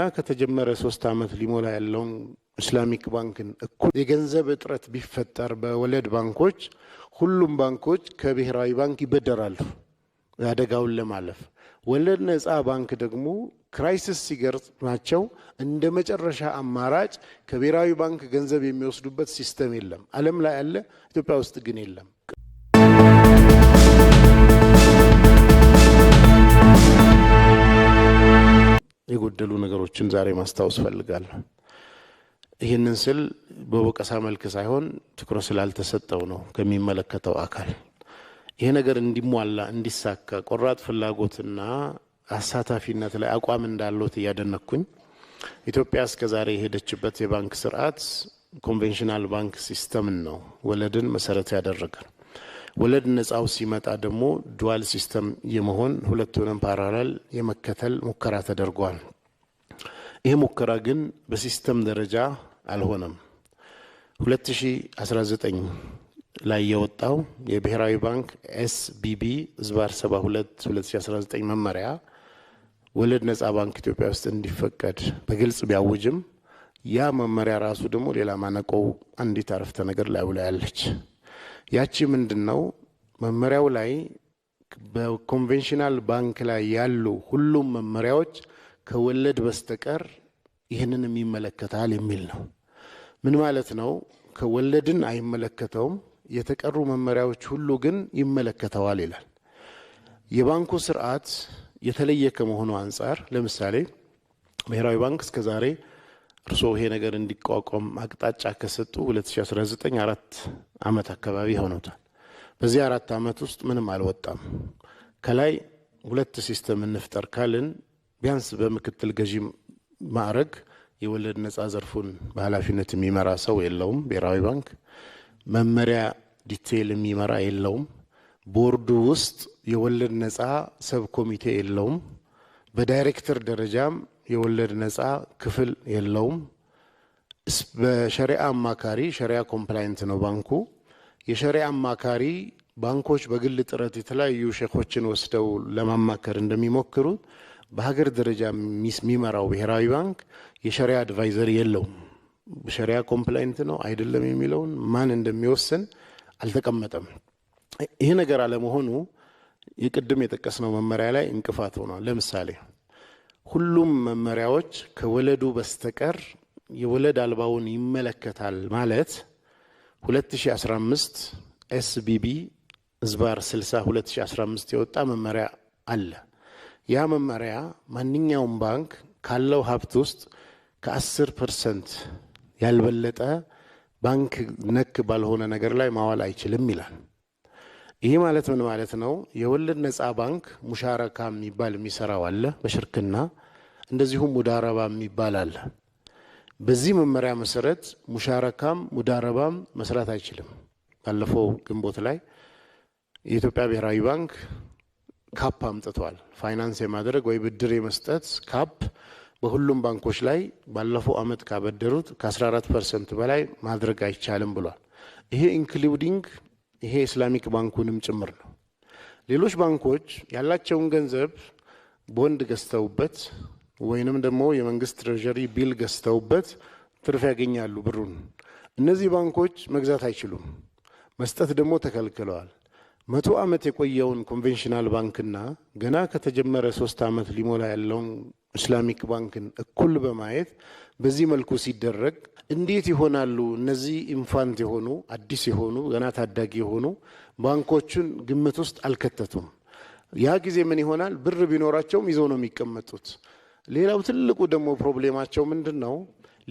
እና ከተጀመረ ሶስት ዓመት ሊሞላ ያለውን ኢስላሚክ ባንክን እኩል የገንዘብ እጥረት ቢፈጠር በወለድ ባንኮች ሁሉም ባንኮች ከብሔራዊ ባንክ ይበደራሉ አደጋውን ለማለፍ። ወለድ ነፃ ባንክ ደግሞ ክራይሲስ ሲገጥማቸው እንደ መጨረሻ አማራጭ ከብሔራዊ ባንክ ገንዘብ የሚወስዱበት ሲስተም የለም፣ ዓለም ላይ ያለ ኢትዮጵያ ውስጥ ግን የለም። የጎደሉ ነገሮችን ዛሬ ማስታወስ ፈልጋለሁ። ይህንን ስል በወቀሳ መልክ ሳይሆን ትኩረት ስላልተሰጠው ነው ከሚመለከተው አካል። ይሄ ነገር እንዲሟላ እንዲሳካ ቆራጥ ፍላጎትና አሳታፊነት ላይ አቋም እንዳለት እያደነኩኝ ኢትዮጵያ እስከ ዛሬ የሄደችበት የባንክ ስርዓት ኮንቬንሽናል ባንክ ሲስተምን ነው፣ ወለድን መሰረት ያደረገ ወለድ ነፃው ሲመጣ ደግሞ ዱዋል ሲስተም የመሆን ሁለቱንም ፓራላል የመከተል ሙከራ ተደርጓል። ይህ ሙከራ ግን በሲስተም ደረጃ አልሆነም። 2019 ላይ የወጣው የብሔራዊ ባንክ ኤስቢቢ ዝባር 72 2019 መመሪያ ወለድ ነፃ ባንክ ኢትዮጵያ ውስጥ እንዲፈቀድ በግልጽ ቢያውጅም ያ መመሪያ ራሱ ደግሞ ሌላ ማነቆው አንዲት አረፍተ ነገር ላይ አለች። ያቺ ምንድን ነው መመሪያው ላይ በኮንቬንሽናል ባንክ ላይ ያሉ ሁሉም መመሪያዎች ከወለድ በስተቀር ይህንንም ይመለከታል የሚል ነው። ምን ማለት ነው? ከወለድን አይመለከተውም፣ የተቀሩ መመሪያዎች ሁሉ ግን ይመለከተዋል ይላል። የባንኩ ስርዓት የተለየ ከመሆኑ አንጻር ለምሳሌ ብሔራዊ ባንክ እስከዛሬ እርስዎ ይሄ ነገር እንዲቋቋም አቅጣጫ ከሰጡ 2019 አራት ዓመት አካባቢ ሆኖታል። በዚህ አራት ዓመት ውስጥ ምንም አልወጣም። ከላይ ሁለት ሲስተም እንፍጠር ካልን ቢያንስ በምክትል ገዢ ማዕረግ የወለድ ነፃ ዘርፉን በኃላፊነት የሚመራ ሰው የለውም። ብሔራዊ ባንክ መመሪያ ዲቴይል የሚመራ የለውም። ቦርዱ ውስጥ የወለድ ነፃ ሰብ ኮሚቴ የለውም። በዳይሬክተር ደረጃም የወለድ ነፃ ክፍል የለውም። በሸሪያ አማካሪ ሸሪያ ኮምፕላይንት ነው ባንኩ። የሸሪያ አማካሪ ባንኮች በግል ጥረት የተለያዩ ሼኮችን ወስደው ለማማከር እንደሚሞክሩት በሀገር ደረጃ የሚመራው ብሔራዊ ባንክ የሸሪያ አድቫይዘር የለውም። ሸሪያ ኮምፕላይንት ነው አይደለም የሚለውን ማን እንደሚወስን አልተቀመጠም። ይህ ነገር አለመሆኑ የቅድም የጠቀስነው መመሪያ ላይ እንቅፋት ሆኗል። ለምሳሌ ሁሉም መመሪያዎች ከወለዱ በስተቀር የወለድ አልባውን ይመለከታል ማለት 2015 ኤስቢቢ እዝባር 60 2015 የወጣ መመሪያ አለ። ያ መመሪያ ማንኛውም ባንክ ካለው ሀብት ውስጥ ከ10 ፐርሰንት ያልበለጠ ባንክ ነክ ባልሆነ ነገር ላይ ማዋል አይችልም ይላል። ይሄ ማለት ምን ማለት ነው? የወለድ ነጻ ባንክ ሙሻረካ የሚባል የሚሰራው አለ በሽርክና እንደዚሁም ሙዳረባ የሚባል አለ። በዚህ መመሪያ መሰረት ሙሻረካም ሙዳረባም መስራት አይችልም። ባለፈው ግንቦት ላይ የኢትዮጵያ ብሔራዊ ባንክ ካፕ አምጥቷል። ፋይናንስ የማድረግ ወይ ብድር የመስጠት ካፕ በሁሉም ባንኮች ላይ ባለፈው አመት ካበደሩት ከ14 ፐርሰንት በላይ ማድረግ አይቻልም ብሏል። ይሄ ኢንክሉዲንግ ይሄ እስላሚክ ባንኩንም ጭምር ነው። ሌሎች ባንኮች ያላቸውን ገንዘብ ቦንድ ገዝተውበት ወይንም ደግሞ የመንግስት ትሬዥሪ ቢል ገዝተውበት ትርፍ ያገኛሉ ብሩን። እነዚህ ባንኮች መግዛት አይችሉም፣ መስጠት ደግሞ ተከልክለዋል። መቶ ዓመት የቆየውን ኮንቬንሽናል ባንክና ገና ከተጀመረ ሶስት ዓመት ሊሞላ ያለውን ኢስላሚክ ባንክን እኩል በማየት በዚህ መልኩ ሲደረግ እንዴት ይሆናሉ? እነዚህ ኢንፋንት የሆኑ አዲስ የሆኑ ገና ታዳጊ የሆኑ ባንኮቹን ግምት ውስጥ አልከተቱም። ያ ጊዜ ምን ይሆናል? ብር ቢኖራቸውም ይዘው ነው የሚቀመጡት። ሌላው ትልቁ ደግሞ ፕሮብሌማቸው ምንድን ነው?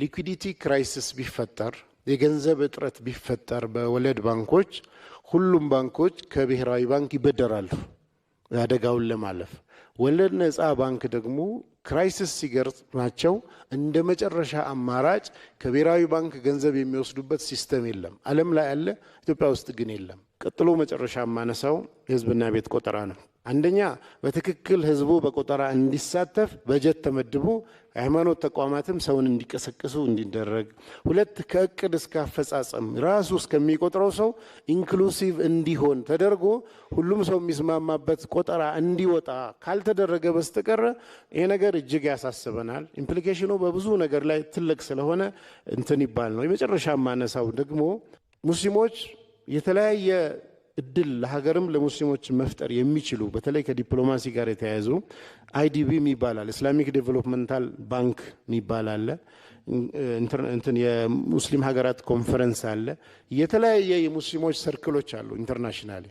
ሊኩዲቲ ክራይሲስ ቢፈጠር የገንዘብ እጥረት ቢፈጠር በወለድ ባንኮች ሁሉም ባንኮች ከብሔራዊ ባንክ ይበደራሉ አደጋውን ለማለፍ። ወለድ ነፃ ባንክ ደግሞ ክራይሲስ ሲገጥማቸው እንደ መጨረሻ አማራጭ ከብሔራዊ ባንክ ገንዘብ የሚወስዱበት ሲስተም የለም። ዓለም ላይ አለ፣ ኢትዮጵያ ውስጥ ግን የለም። ቀጥሎ መጨረሻ የማነሳው የህዝብና ቤት ቆጠራ ነው። አንደኛ በትክክል ህዝቡ በቆጠራ እንዲሳተፍ በጀት ተመድቦ የሃይማኖት ተቋማትም ሰውን እንዲቀሰቅሱ እንዲደረግ፣ ሁለት ከእቅድ እስከ አፈጻጸም ራሱ እስከሚቆጥረው ሰው ኢንክሉሲቭ እንዲሆን ተደርጎ ሁሉም ሰው የሚስማማበት ቆጠራ እንዲወጣ ካልተደረገ በስተቀረ ይሄ ነገር እጅግ ያሳስበናል። ኢምፕሊኬሽኑ በብዙ ነገር ላይ ትልቅ ስለሆነ እንትን ይባል ነው። የመጨረሻ ማነሳው ደግሞ ሙስሊሞች የተለያየ እድል ለሀገርም ለሙስሊሞች መፍጠር የሚችሉ በተለይ ከዲፕሎማሲ ጋር የተያያዙ አይዲቢ ይባላል፣ እስላሚክ ዴቨሎፕመንታል ባንክ የሚባል አለ፣ እንትን የሙስሊም ሀገራት ኮንፈረንስ አለ። የተለያየ የሙስሊሞች ሰርክሎች አሉ። ኢንተርናሽናል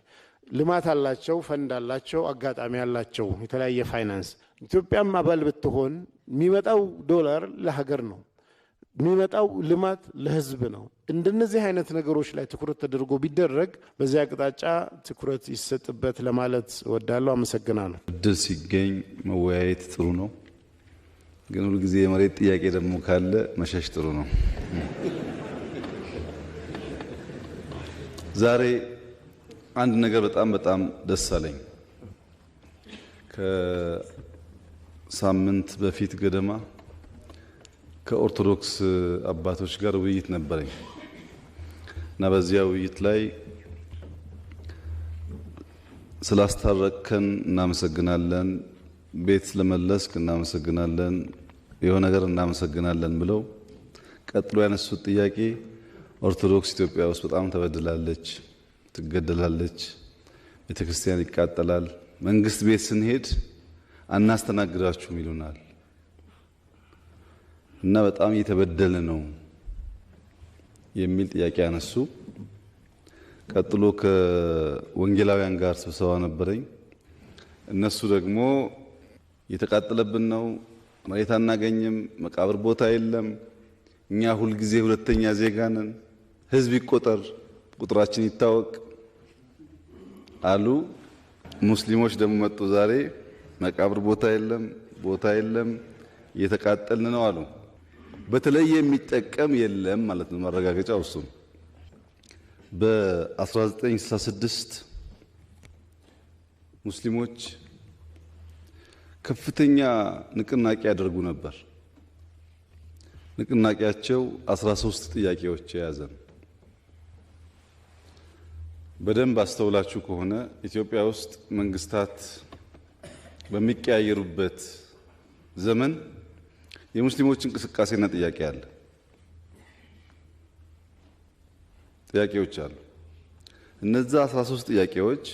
ልማት አላቸው፣ ፈንድ አላቸው፣ አጋጣሚ አላቸው፣ የተለያየ ፋይናንስ። ኢትዮጵያም አባል ብትሆን የሚመጣው ዶላር ለሀገር ነው የሚመጣው ልማት ለህዝብ ነው። እንደነዚህ አይነት ነገሮች ላይ ትኩረት ተደርጎ ቢደረግ በዚህ አቅጣጫ ትኩረት ይሰጥበት ለማለት ወዳለው አመሰግናለሁ። እድል ሲገኝ መወያየት ጥሩ ነው፣ ግን ሁልጊዜ የመሬት ጥያቄ ደግሞ ካለ መሸሽ ጥሩ ነው። ዛሬ አንድ ነገር በጣም በጣም ደስ አለኝ። ከሳምንት በፊት ገደማ ከኦርቶዶክስ አባቶች ጋር ውይይት ነበረኝ እና በዚያ ውይይት ላይ ስላስታረቅከን እናመሰግናለን፣ ቤት ስለመለስክ እናመሰግናለን፣ የሆነ ነገር እናመሰግናለን ብለው ቀጥሎ ያነሱት ጥያቄ ኦርቶዶክስ ኢትዮጵያ ውስጥ በጣም ተበድላለች፣ ትገደላለች፣ ቤተክርስቲያን ይቃጠላል፣ መንግስት ቤት ስንሄድ አናስተናግዳችሁም ይሉናል። እና በጣም እየተበደለ ነው የሚል ጥያቄ አነሱ። ቀጥሎ ከወንጌላውያን ጋር ስብሰባ ነበረኝ። እነሱ ደግሞ የተቃጠለብን ነው፣ መሬት አናገኝም፣ መቃብር ቦታ የለም፣ እኛ ሁልጊዜ ሁለተኛ ዜጋ ነን፣ ህዝብ ይቆጠር፣ ቁጥራችን ይታወቅ አሉ። ሙስሊሞች ደግሞ መጡ። ዛሬ መቃብር ቦታ የለም ቦታ የለም እየተቃጠልን ነው አሉ። በተለየ የሚጠቀም የለም ማለት ነው። ማረጋገጫው እሱ በ1966 ሙስሊሞች ከፍተኛ ንቅናቄ ያደርጉ ነበር። ንቅናቄያቸው 13 ጥያቄዎች የያዘ ነው። በደንብ አስተውላችሁ ከሆነ ኢትዮጵያ ውስጥ መንግስታት በሚቀያየሩበት ዘመን የሙስሊሞች እንቅስቃሴና ጥያቄ አለ፣ ጥያቄዎች አሉ። እነዛ 13 ጥያቄዎች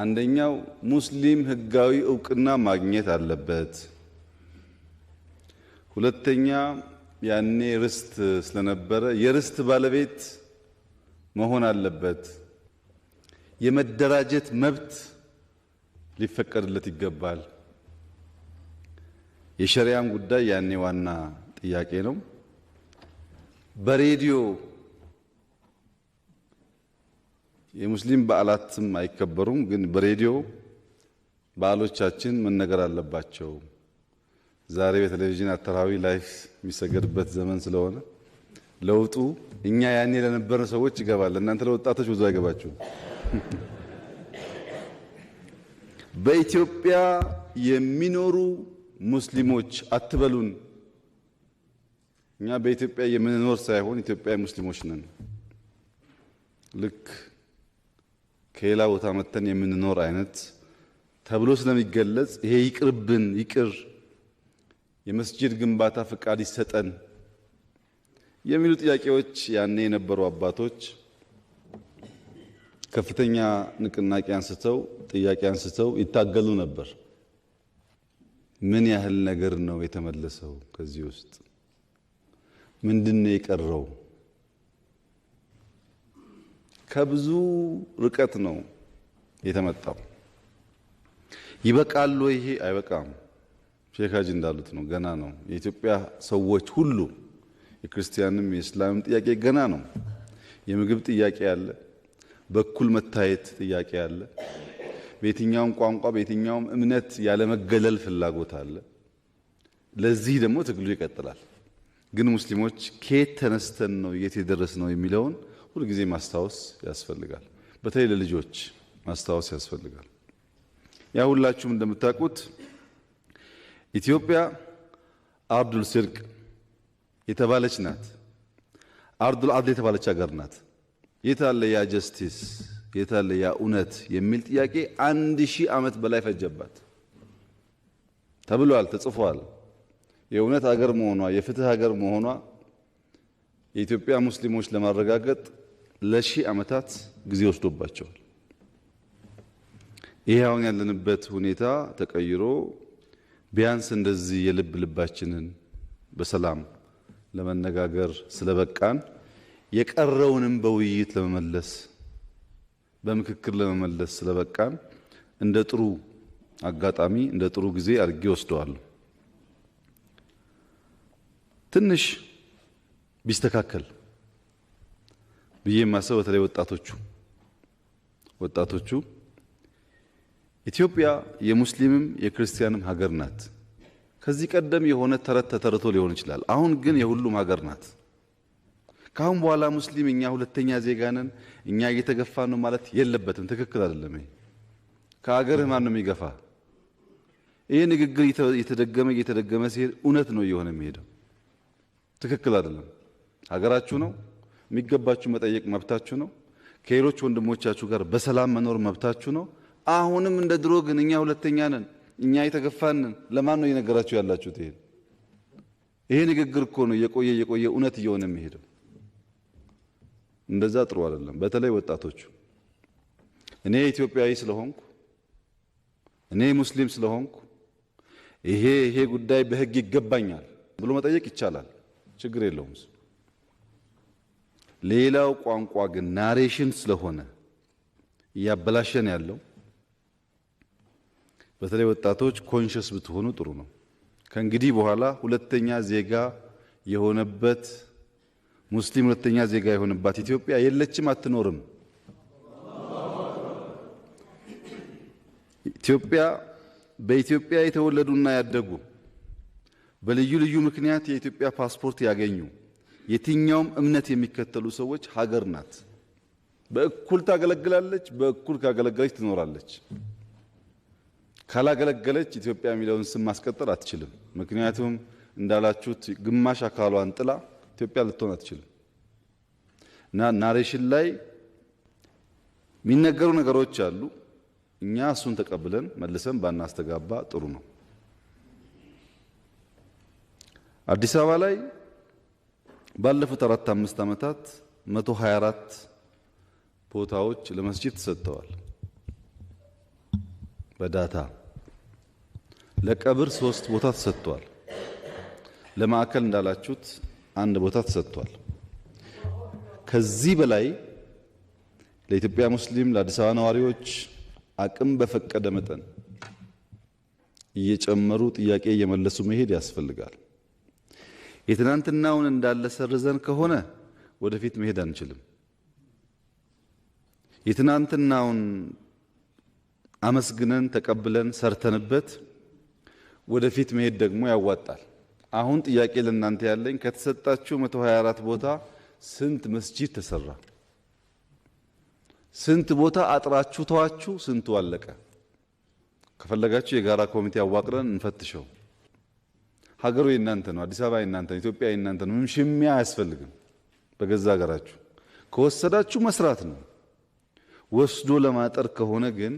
አንደኛው ሙስሊም ህጋዊ እውቅና ማግኘት አለበት። ሁለተኛ ያኔ ርስት ስለነበረ የርስት ባለቤት መሆን አለበት። የመደራጀት መብት ሊፈቀድለት ይገባል። የሸሪያም ጉዳይ ያኔ ዋና ጥያቄ ነው። በሬዲዮ የሙስሊም በዓላትም አይከበሩም፣ ግን በሬዲዮ በዓሎቻችን መነገር አለባቸው። ዛሬ በቴሌቪዥን አተራዊ ላይፍ የሚሰገድበት ዘመን ስለሆነ ለውጡ እኛ ያኔ ለነበረ ሰዎች ይገባል። እናንተ ለወጣቶች ብዙ አይገባችሁም። በኢትዮጵያ የሚኖሩ ሙስሊሞች አትበሉን። እኛ በኢትዮጵያ የምንኖር ሳይሆን ኢትዮጵያ ሙስሊሞች ነን። ልክ ከሌላ ቦታ መጥተን የምንኖር አይነት ተብሎ ስለሚገለጽ ይሄ ይቅርብን፣ ይቅር የመስጂድ ግንባታ ፈቃድ ይሰጠን የሚሉ ጥያቄዎች ያኔ የነበሩ አባቶች ከፍተኛ ንቅናቄ አንስተው ጥያቄ አንስተው ይታገሉ ነበር። ምን ያህል ነገር ነው የተመለሰው? ከዚህ ውስጥ ምንድነው የቀረው? ከብዙ ርቀት ነው የተመጣው። ይበቃል ወይ? ይሄ አይበቃም። ሼክ ሀጂ እንዳሉት ነው፣ ገና ነው። የኢትዮጵያ ሰዎች ሁሉ የክርስቲያንም የእስላምም ጥያቄ ገና ነው። የምግብ ጥያቄ አለ፣ በኩል መታየት ጥያቄ አለ። በየትኛውም ቋንቋ በየትኛውም እምነት ያለመገለል ፍላጎት አለ። ለዚህ ደግሞ ትግሉ ይቀጥላል። ግን ሙስሊሞች ከየት ተነስተን ነው የት የደረስ ነው የሚለውን ሁልጊዜ ማስታወስ ያስፈልጋል። በተለይ ለልጆች ማስታወስ ያስፈልጋል። ያ ሁላችሁም እንደምታውቁት ኢትዮጵያ አርዱል ስርቅ የተባለች ናት። አርዱል አድል የተባለች ሀገር ናት። የት አለ ያ ጀስቲስ የታለ ያ እውነት የሚል ጥያቄ አንድ ሺህ ዓመት በላይ ፈጀባት ተብሏል፣ ተጽፏል። የእውነት ሀገር መሆኗ የፍትህ ሀገር መሆኗ የኢትዮጵያ ሙስሊሞች ለማረጋገጥ ለሺህ ዓመታት ጊዜ ወስዶባቸዋል። ይሄ አሁን ያለንበት ሁኔታ ተቀይሮ ቢያንስ እንደዚህ የልብ ልባችንን በሰላም ለመነጋገር ስለበቃን የቀረውንም በውይይት ለመመለስ በምክክር ለመመለስ ስለበቃን እንደ ጥሩ አጋጣሚ እንደ ጥሩ ጊዜ አድርጌ ወስደዋለሁ። ትንሽ ቢስተካከል ብዬ ማሰብ በተለይ ወጣቶቹ ወጣቶቹ ኢትዮጵያ የሙስሊምም የክርስቲያንም ሀገር ናት። ከዚህ ቀደም የሆነ ተረት ተተርቶ ሊሆን ይችላል። አሁን ግን የሁሉም ሀገር ናት። ካሁን በኋላ ሙስሊም እኛ ሁለተኛ ዜጋ ነን፣ እኛ እየተገፋ ነው ማለት የለበትም። ትክክል አይደለም። ይሄ ከአገርህ ማን ነው የሚገፋ? ይሄ ንግግር እየተደገመ እየተደገመ ሲሄድ እውነት ነው እየሆነ የሚሄደው። ትክክል አይደለም። ሀገራችሁ ነው የሚገባችሁ፣ መጠየቅ መብታችሁ ነው። ከሌሎች ወንድሞቻችሁ ጋር በሰላም መኖር መብታችሁ ነው። አሁንም እንደ ድሮ ግን እኛ ሁለተኛ ነን፣ እኛ የተገፋን ለማን ነው እየነገራችሁ ያላችሁት? ይሄ ይሄ ንግግር እኮ ነው የቆየ የቆየ እውነት እየሆነ የሚሄደው። እንደዛ ጥሩ አይደለም። በተለይ ወጣቶቹ እኔ ኢትዮጵያዊ ስለሆንኩ እኔ ሙስሊም ስለሆንኩ ይሄ ይሄ ጉዳይ በህግ ይገባኛል ብሎ መጠየቅ ይቻላል፣ ችግር የለውም። ሌላው ቋንቋ ግን ናሬሽን ስለሆነ እያበላሸን ያለው በተለይ ወጣቶች ኮንሽስ ብትሆኑ ጥሩ ነው። ከእንግዲህ በኋላ ሁለተኛ ዜጋ የሆነበት ሙስሊም ሁለተኛ ዜጋ የሆነባት ኢትዮጵያ የለችም፣ አትኖርም። ኢትዮጵያ በኢትዮጵያ የተወለዱና ያደጉ በልዩ ልዩ ምክንያት የኢትዮጵያ ፓስፖርት ያገኙ የትኛውም እምነት የሚከተሉ ሰዎች ሀገር ናት። በእኩል ታገለግላለች። በእኩል ካገለገለች ትኖራለች። ካላገለገለች ኢትዮጵያ የሚለውን ስም ማስቀጠል አትችልም። ምክንያቱም እንዳላችሁት ግማሽ አካሏን ጥላ ኢትዮጵያ ልትሆን አትችልም። እና ናሬሽን ላይ የሚነገሩ ነገሮች አሉ። እኛ እሱን ተቀብለን መልሰን ባናስተጋባ ጥሩ ነው። አዲስ አበባ ላይ ባለፉት አራት አምስት ዓመታት 124 ቦታዎች ለመስጂድ ተሰጥተዋል። በዳታ ለቀብር ሶስት ቦታ ተሰጥተዋል። ለማዕከል እንዳላችሁት አንድ ቦታ ተሰጥቷል። ከዚህ በላይ ለኢትዮጵያ ሙስሊም፣ ለአዲስ አበባ ነዋሪዎች አቅም በፈቀደ መጠን እየጨመሩ ጥያቄ እየመለሱ መሄድ ያስፈልጋል። የትናንትናውን እንዳለ ሰርዘን ከሆነ ወደፊት መሄድ አንችልም። የትናንትናውን አመስግነን ተቀብለን ሰርተንበት ወደፊት መሄድ ደግሞ ያዋጣል። አሁን ጥያቄ ለእናንተ ያለኝ ከተሰጣችሁ 124 ቦታ ስንት መስጂድ ተሰራ? ስንት ቦታ አጥራችሁ ተዋችሁ? ስንቱ አለቀ? ከፈለጋችሁ የጋራ ኮሚቴ አዋቅረን እንፈትሸው። ሀገሩ የእናንተ ነው፣ አዲስ አበባ የእናንተ ነው፣ ኢትዮጵያ የእናንተ ነው። ምንም ሽሚያ አያስፈልግም። በገዛ ሀገራችሁ ከወሰዳችሁ መስራት ነው። ወስዶ ለማጠር ከሆነ ግን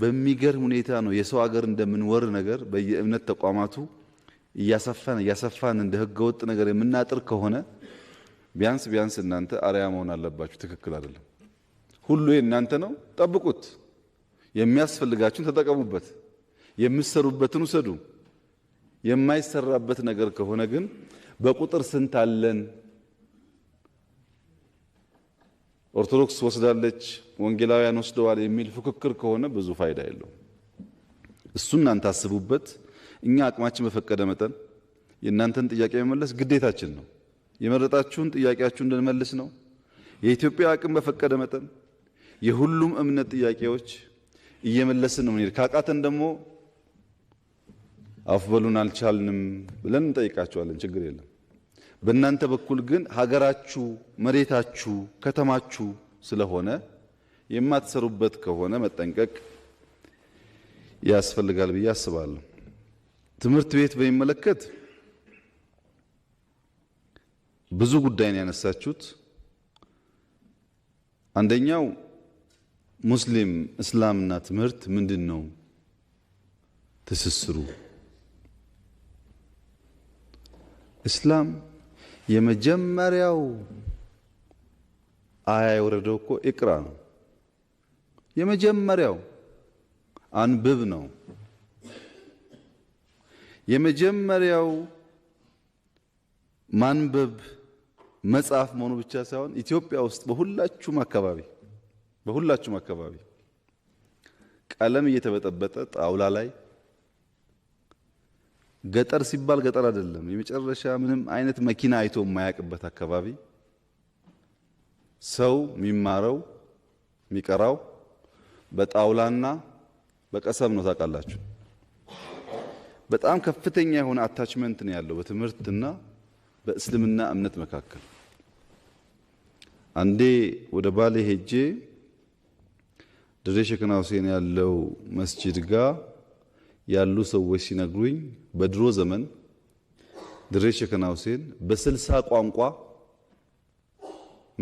በሚገርም ሁኔታ ነው የሰው ሀገር እንደምንወር ነገር በየእምነት ተቋማቱ እያሰፋን እያሰፋን እንደ ህገወጥ ነገር የምናጥር ከሆነ ቢያንስ ቢያንስ እናንተ አርያ መሆን አለባችሁ። ትክክል አይደለም። ሁሉ እናንተ ነው፣ ጠብቁት። የሚያስፈልጋችሁን ተጠቀሙበት። የምትሰሩበትን ውሰዱ። የማይሰራበት ነገር ከሆነ ግን በቁጥር ስንት አለን? ኦርቶዶክስ ወስዳለች፣ ወንጌላውያን ወስደዋል የሚል ፉክክር ከሆነ ብዙ ፋይዳ የለውም። እሱ እናንተ አስቡበት። እኛ አቅማችን በፈቀደ መጠን የእናንተን ጥያቄ መመለስ ግዴታችን ነው። የመረጣችሁን ጥያቄያችሁን እንድንመልስ ነው። የኢትዮጵያ አቅም በፈቀደ መጠን የሁሉም እምነት ጥያቄዎች እየመለስን ነው የምንሄድ። ካቃተን ደግሞ አፍበሉን አልቻልንም ብለን እንጠይቃቸዋለን። ችግር የለም። በእናንተ በኩል ግን ሀገራችሁ፣ መሬታችሁ፣ ከተማችሁ ስለሆነ የማትሰሩበት ከሆነ መጠንቀቅ ያስፈልጋል ብዬ አስባለሁ። ትምህርት ቤት በሚመለከት ብዙ ጉዳይ ነው ያነሳችሁት። አንደኛው ሙስሊም እስላምና ትምህርት ምንድን ነው ትስስሩ? እስላም የመጀመሪያው አያ የወረደው እኮ ኢቅራ ነው። የመጀመሪያው አንብብ ነው። የመጀመሪያው ማንበብ መጽሐፍ መሆኑ ብቻ ሳይሆን ኢትዮጵያ ውስጥ በሁላችሁም አካባቢ በሁላችሁም አካባቢ ቀለም እየተበጠበጠ ጣውላ ላይ ገጠር ሲባል ገጠር አይደለም፣ የመጨረሻ ምንም አይነት መኪና አይቶ የማያውቅበት አካባቢ ሰው የሚማረው የሚቀራው በጣውላና በቀሰም ነው። ታውቃላችሁ። በጣም ከፍተኛ የሆነ አታችመንት ነው ያለው በትምህርትና በእስልምና እምነት መካከል። አንዴ ወደ ባሌ ሄጄ ድሬ ሸክና ሁሴን ያለው መስጂድ ጋር ያሉ ሰዎች ሲነግሩኝ በድሮ ዘመን ድሬ ሸክና ሁሴን በስልሳ ቋንቋ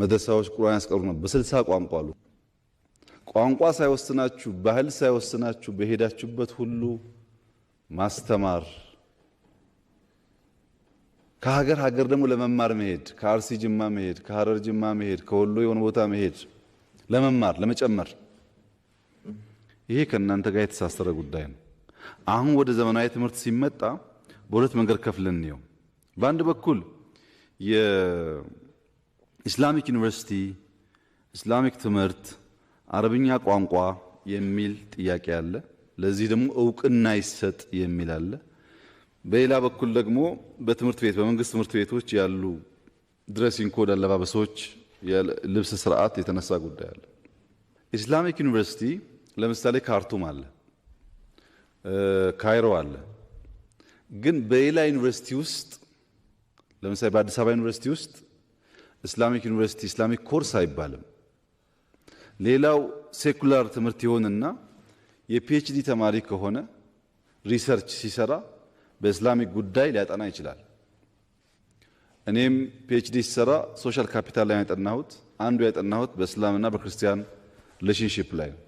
መደሳዎች ቁርአን ያስቀሩ ነበር። በስልሳ ቋንቋ አሉ። ቋንቋ ሳይወስናችሁ ባህል ሳይወስናችሁ በሄዳችሁበት ሁሉ ማስተማር ከሀገር ሀገር ደግሞ ለመማር መሄድ፣ ከአርሲ ጅማ መሄድ፣ ከሀረር ጅማ መሄድ፣ ከወሎ የሆነ ቦታ መሄድ ለመማር ለመጨመር። ይሄ ከእናንተ ጋር የተሳሰረ ጉዳይ ነው። አሁን ወደ ዘመናዊ ትምህርት ሲመጣ በሁለት መንገድ ከፍለን እንየው። በአንድ በኩል የኢስላሚክ ዩኒቨርሲቲ ኢስላሚክ ትምህርት፣ አረብኛ ቋንቋ የሚል ጥያቄ አለ። ለዚህ ደግሞ እውቅና ይሰጥ የሚል አለ። በሌላ በኩል ደግሞ በትምህርት ቤት በመንግስት ትምህርት ቤቶች ያሉ ድረሲንግ ኮድ አለባበሶች፣ ልብስ ስርዓት የተነሳ ጉዳይ አለ። ኢስላሚክ ዩኒቨርሲቲ ለምሳሌ ካርቱም አለ፣ ካይሮ አለ። ግን በሌላ ዩኒቨርሲቲ ውስጥ ለምሳሌ በአዲስ አበባ ዩኒቨርሲቲ ውስጥ ኢስላሚክ ዩኒቨርሲቲ ኢስላሚክ ኮርስ አይባልም። ሌላው ሴኩላር ትምህርት ይሆንና የፒኤችዲ ተማሪ ከሆነ ሪሰርች ሲሰራ በእስላሚክ ጉዳይ ሊያጠና ይችላል። እኔም ፒኤችዲ ሲሰራ ሶሻል ካፒታል ላይ ያጠናሁት አንዱ ያጠናሁት በእስላምና በክርስቲያን ሪሌሽንሽፕ ላይ ነው።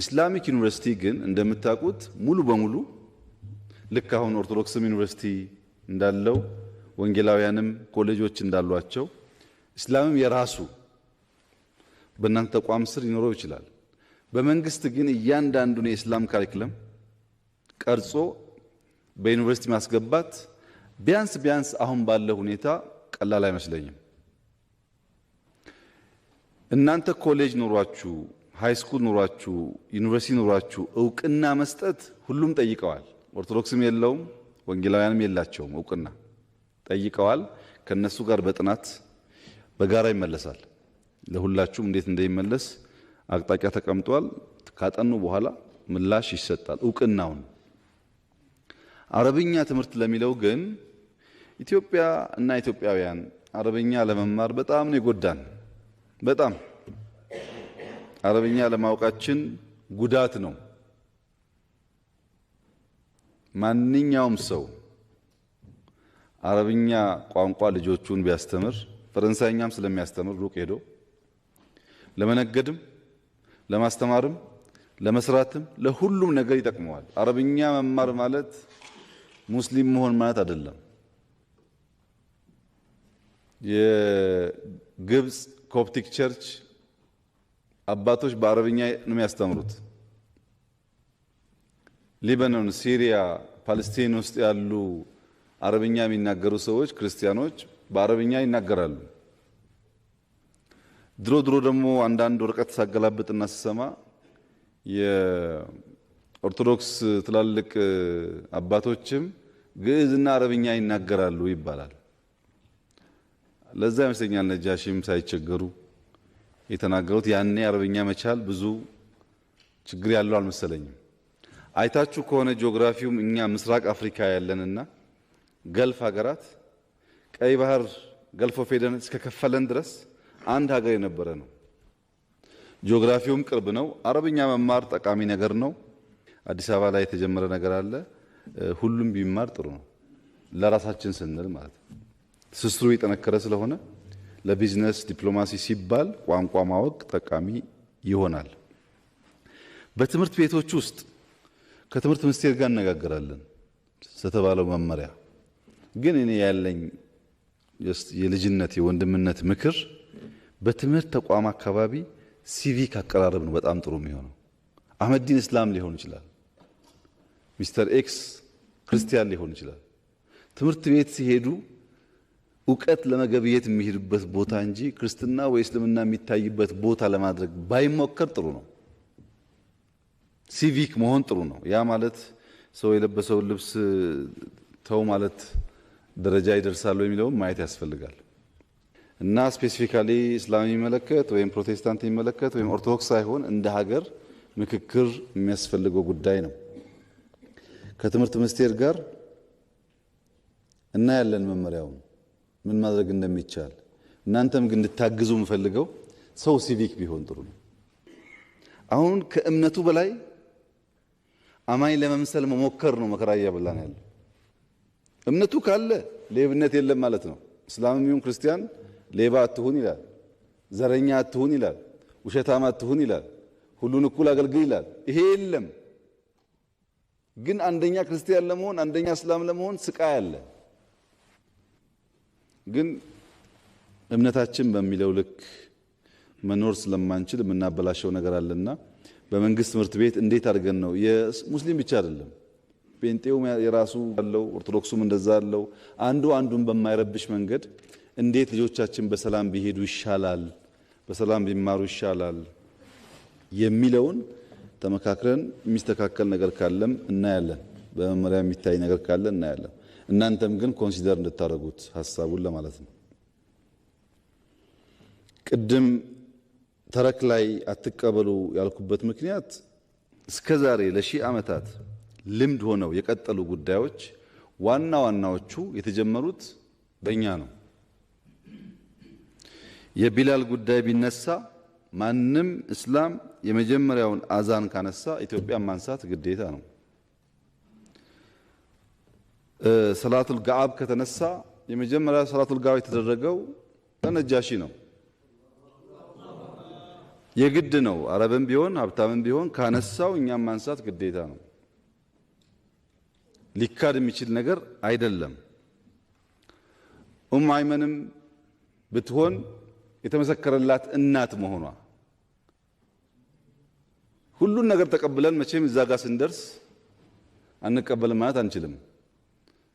ኢስላሚክ ዩኒቨርሲቲ ግን እንደምታውቁት ሙሉ በሙሉ ልክ አሁን ኦርቶዶክስም ዩኒቨርሲቲ እንዳለው ወንጌላውያንም ኮሌጆች እንዳሏቸው ኢስላምም የራሱ በእናንተ ተቋም ስር ሊኖረው ይችላል። በመንግስት ግን እያንዳንዱን የእስላም ካሪክለም ቀርጾ በዩኒቨርሲቲ ማስገባት ቢያንስ ቢያንስ አሁን ባለው ሁኔታ ቀላል አይመስለኝም። እናንተ ኮሌጅ ኑሯችሁ፣ ሃይስኩል ኑሯችሁ፣ ዩኒቨርሲቲ ኑሯችሁ እውቅና መስጠት ሁሉም ጠይቀዋል። ኦርቶዶክስም የለውም፣ ወንጌላውያንም የላቸውም። እውቅና ጠይቀዋል። ከነሱ ጋር በጥናት በጋራ ይመለሳል። ለሁላችሁም እንዴት እንደሚመለስ አቅጣጫ ተቀምጧል። ካጠኑ በኋላ ምላሽ ይሰጣል። እውቅናውን አረብኛ ትምህርት ለሚለው ግን ኢትዮጵያ እና ኢትዮጵያውያን አረብኛ ለመማር በጣም ነው የጎዳን። በጣም አረብኛ ለማወቃችን ጉዳት ነው። ማንኛውም ሰው አረብኛ ቋንቋ ልጆቹን ቢያስተምር ፈረንሳይኛም ስለሚያስተምር ሩቅ ሄዶ ለመነገድም ለማስተማርም ለመስራትም ለሁሉም ነገር ይጠቅመዋል። አረብኛ መማር ማለት ሙስሊም መሆን ማለት አይደለም። የግብፅ ኮፕቲክ ቸርች አባቶች በአረብኛ ነው የሚያስተምሩት። ሊባኖን፣ ሲሪያ፣ ፓለስቲን ውስጥ ያሉ አረብኛ የሚናገሩ ሰዎች ክርስቲያኖች በአረብኛ ይናገራሉ። ድሮ ድሮ ደግሞ አንዳንድ ወረቀት ሳገላብጥና ስሰማ የኦርቶዶክስ ትላልቅ አባቶችም ግዕዝና አረብኛ ይናገራሉ ይባላል። ለዛ ይመስለኛል ነጃሽም ሳይቸገሩ የተናገሩት። ያኔ አረብኛ መቻል ብዙ ችግር ያለው አልመሰለኝም። አይታችሁ ከሆነ ጂኦግራፊውም እኛ ምስራቅ አፍሪካ ያለንና ገልፍ ሀገራት ቀይ ባህር ገልፍ እስከከፈለን ድረስ አንድ ሀገር የነበረ ነው። ጂኦግራፊውም ቅርብ ነው። አረብኛ መማር ጠቃሚ ነገር ነው። አዲስ አበባ ላይ የተጀመረ ነገር አለ። ሁሉም ቢማር ጥሩ ነው፣ ለራሳችን ስንል ማለት ነው። ትስስሩ የጠነከረ ስለሆነ ለቢዝነስ ዲፕሎማሲ ሲባል ቋንቋ ማወቅ ጠቃሚ ይሆናል። በትምህርት ቤቶች ውስጥ ከትምህርት ሚኒስቴር ጋር እነጋገራለን ስለተባለው መመሪያ ግን እኔ ያለኝ የልጅነት የወንድምነት ምክር በትምህርት ተቋም አካባቢ ሲቪክ አቀራረብ ነው በጣም ጥሩ የሚሆነው። አህመዲን እስላም ሊሆን ይችላል፣ ሚስተር ኤክስ ክርስቲያን ሊሆን ይችላል። ትምህርት ቤት ሲሄዱ እውቀት ለመገብየት የሚሄዱበት ቦታ እንጂ ክርስትና ወይ እስልምና የሚታይበት ቦታ ለማድረግ ባይሞከር ጥሩ ነው። ሲቪክ መሆን ጥሩ ነው። ያ ማለት ሰው የለበሰውን ልብስ ተው ማለት ደረጃ ይደርሳሉ የሚለውን ማየት ያስፈልጋል። እና ስፔሲፊካሊ እስላም የሚመለከት ወይም ፕሮቴስታንት የሚመለከት ወይም ኦርቶዶክስ ሳይሆን እንደ ሀገር ምክክር የሚያስፈልገው ጉዳይ ነው። ከትምህርት ሚኒስቴር ጋር እና ያለን መመሪያውን ምን ማድረግ እንደሚቻል እናንተም ግን እንድታግዙ የምፈልገው ሰው ሲቪክ ቢሆን ጥሩ ነው። አሁን ከእምነቱ በላይ አማኝ ለመምሰል መሞከር ነው መከራ እያበላን ያለ። እምነቱ ካለ ሌብነት የለም ማለት ነው። እስላምም ይሁን ክርስቲያን ሌባ አትሁን ይላል። ዘረኛ አትሁን ይላል። ውሸታም አትሁን ይላል። ሁሉን እኩል አገልግል ይላል። ይሄ የለም። ግን አንደኛ ክርስቲያን ለመሆን አንደኛ እስላም ለመሆን ስቃይ አለ። ግን እምነታችን በሚለው ልክ መኖር ስለማንችል የምናበላሸው ነገር አለና በመንግስት ትምህርት ቤት እንዴት አድርገን ነው የሙስሊም ብቻ አይደለም ጴንጤውም የራሱ አለው፣ ኦርቶዶክሱም እንደዛ አለው። አንዱ አንዱን በማይረብሽ መንገድ እንዴት ልጆቻችን በሰላም ቢሄዱ ይሻላል፣ በሰላም ቢማሩ ይሻላል የሚለውን ተመካክረን የሚስተካከል ነገር ካለም እናያለን። በመመሪያ የሚታይ ነገር ካለ እናያለን። እናንተም ግን ኮንሲደር እንድታደርጉት ሀሳቡን ለማለት ነው። ቅድም ተረክ ላይ አትቀበሉ ያልኩበት ምክንያት እስከ ዛሬ ለሺህ ዓመታት ልምድ ሆነው የቀጠሉ ጉዳዮች ዋና ዋናዎቹ የተጀመሩት በእኛ ነው። የቢላል ጉዳይ ቢነሳ ማንም እስላም የመጀመሪያውን አዛን ካነሳ ኢትዮጵያን ማንሳት ግዴታ ነው። ሰላቱል ገዓብ ከተነሳ የመጀመሪያ ሰላቱል ገዓብ የተደረገው በነጃሺ ነው። የግድ ነው። አረብም ቢሆን ሀብታምም ቢሆን ካነሳው እኛም ማንሳት ግዴታ ነው። ሊካድ የሚችል ነገር አይደለም። ኡም አይመንም ብትሆን የተመሰከረላት እናት መሆኗ ሁሉን ነገር ተቀብለን መቼም እዛ ጋር ስንደርስ አንቀበልም ማለት አንችልም።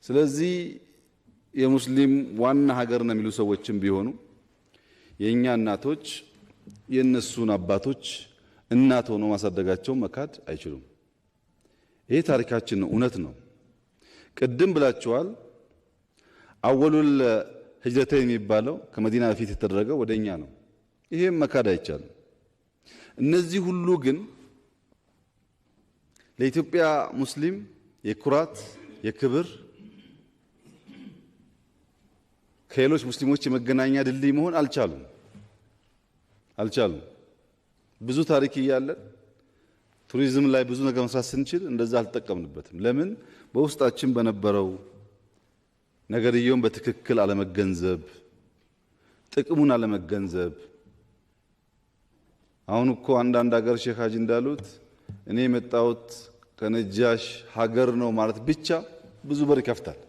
ስለዚህ የሙስሊም ዋና ሀገር ነው የሚሉ ሰዎችም ቢሆኑ የእኛ እናቶች የእነሱን አባቶች እናት ሆኖ ማሳደጋቸው መካድ አይችሉም። ይሄ ታሪካችን ነው፣ እውነት ነው። ቅድም ብላችኋል። አወሉል ህጅረተ የሚባለው ከመዲና በፊት የተደረገው ወደኛ ነው። ይሄም መካድ አይቻልም። እነዚህ ሁሉ ግን ለኢትዮጵያ ሙስሊም የኩራት የክብር ከሌሎች ሙስሊሞች የመገናኛ ድልድይ መሆን አልቻሉም አልቻሉም። ብዙ ታሪክ እያለን ቱሪዝም ላይ ብዙ ነገር መስራት ስንችል እንደዛ አልተጠቀምንበትም። ለምን በውስጣችን በነበረው ነገርየውን በትክክል አለመገንዘብ፣ ጥቅሙን አለመገንዘብ። አሁን እኮ አንዳንድ ሀገር ሼክ ሀጂ እንዳሉት እኔ የመጣሁት ከነጃሽ ሀገር ነው ማለት ብቻ ብዙ በር ይከፍታል።